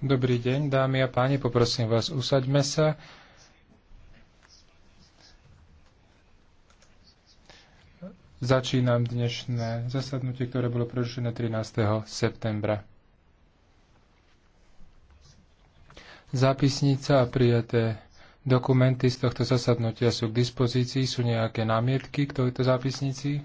Dobrý deň, dámy a páni, poprosím vás, usaďme sa. Začínam dnešné zasadnutie, ktoré bolo prerušené 13. septembra. Zápisnica a prijaté dokumenty z tohto zasadnutia sú k dispozícii. Sú nejaké námietky k tejto zápisnici?